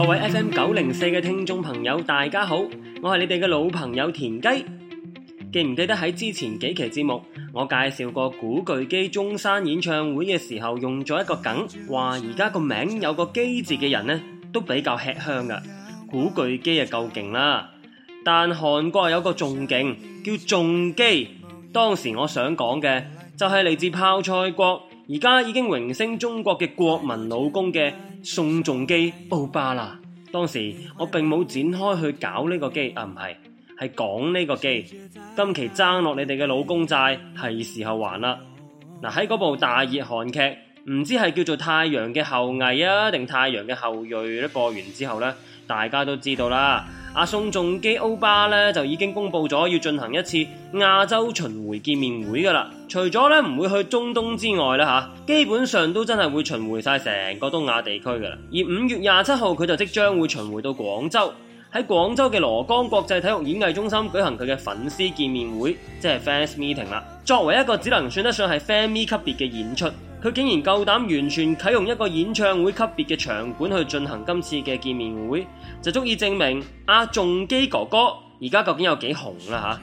各位 FM 九零四嘅聽眾朋友，大家好，我係你哋嘅老朋友田雞。記唔記得喺之前幾期節目，我介紹過古巨基中山演唱會嘅時候，用咗一個梗，話，而家個名有個基字嘅人呢，都比較吃香噶。古巨基啊，夠勁啦，但韓國有個仲勁，叫仲基。當時我想講嘅，就係嚟自泡菜國。而家已經榮升中國嘅國民老公嘅宋仲基奧巴啦，當時我並冇展開去搞呢個機，啊，唔係，係講呢個機。今期爭落你哋嘅老公債，係時候還啦。嗱，喺嗰部大熱韓劇，唔知係叫做《太陽嘅後裔》啊，定《太陽嘅後裔》呢？播完之後呢，大家都知道啦。阿宋仲基歐巴咧就已經公布咗要進行一次亞洲巡回見面會噶啦，除咗咧唔會去中東之外咧吓，基本上都真係會巡回晒成個東亞地區噶啦。而五月廿七號佢就即將會巡回到廣州，喺廣州嘅蘿崗國際體育演藝中心舉行佢嘅粉絲見面會，即係 fans meeting 啦。作為一個只能算得上係 family 級別嘅演出，佢竟然夠膽完全啟用一個演唱會級別嘅場館去進行今次嘅見面會，就足以證明阿、啊、仲基哥哥而家究竟有幾紅啦、啊、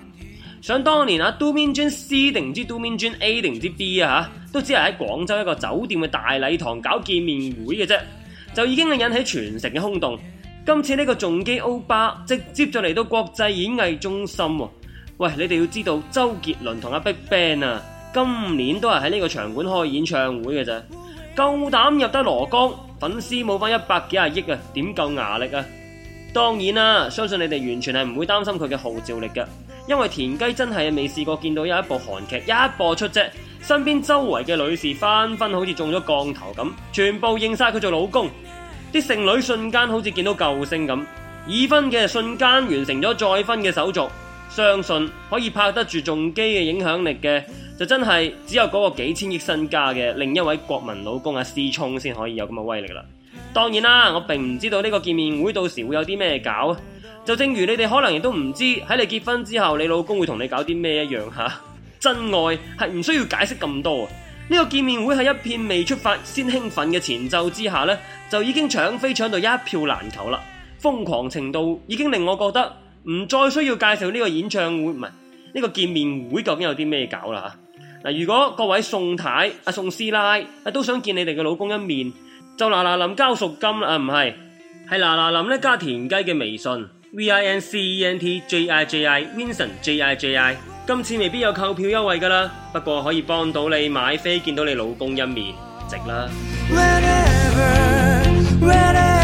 想當年啊 Do Min Jun C 定唔知 Do Min Jun A 定唔知 B 啊，都只係喺廣州一個酒店嘅大禮堂搞見面會嘅啫，就已經係引起全城嘅轟動。今次呢個仲基歐巴直接就嚟到國際演藝中心，啊，喂，你哋要知道周杰倫同阿、啊、BigBang 啊！今年都係喺呢個場館開演唱會嘅啫，夠膽入得羅江粉絲冇翻一百幾十億啊，點夠牙力啊？當然啦，啊，相信你哋完全係唔會擔心佢嘅號召力嘅，因為田雞真係未試過見到有一部韓劇一播出啫，身邊周圍嘅女士紛紛好似中咗降頭咁，全部認晒佢做老公，啲剩女瞬間好似見到救星咁，已婚嘅瞬間完成咗再婚嘅手續，相信可以拍得住仲基嘅影響力嘅。就真係只有嗰個幾千億身家嘅另一位國民老公阿思聰先可以有咁嘅威力啦。當然啦，我並唔知道呢個見面會到時會有啲咩搞啊。就正如你哋可能亦都唔知喺你結婚之後，你老公會同你搞啲咩一樣吓。真愛係唔需要解釋咁多啊。呢個見面會喺一片未出發先興奮嘅前奏之下呢，就已經搶飛搶到一票難求啦。瘋狂程度已經令我覺得唔再需要介紹呢個演唱會唔係。呢個見面會究竟有啲咩搞啦嗱，如果各位宋太、阿宋師奶都想見你哋嘅老公一面，就嗱嗱臨交贖金啦，唔係，係嗱嗱臨咧加田雞嘅微信，Vincent J I J I，Vincent J I J I，今次未必有購票優惠噶啦，不過可以幫到你買飛見到你老公一面，值啦。Whenever, whenever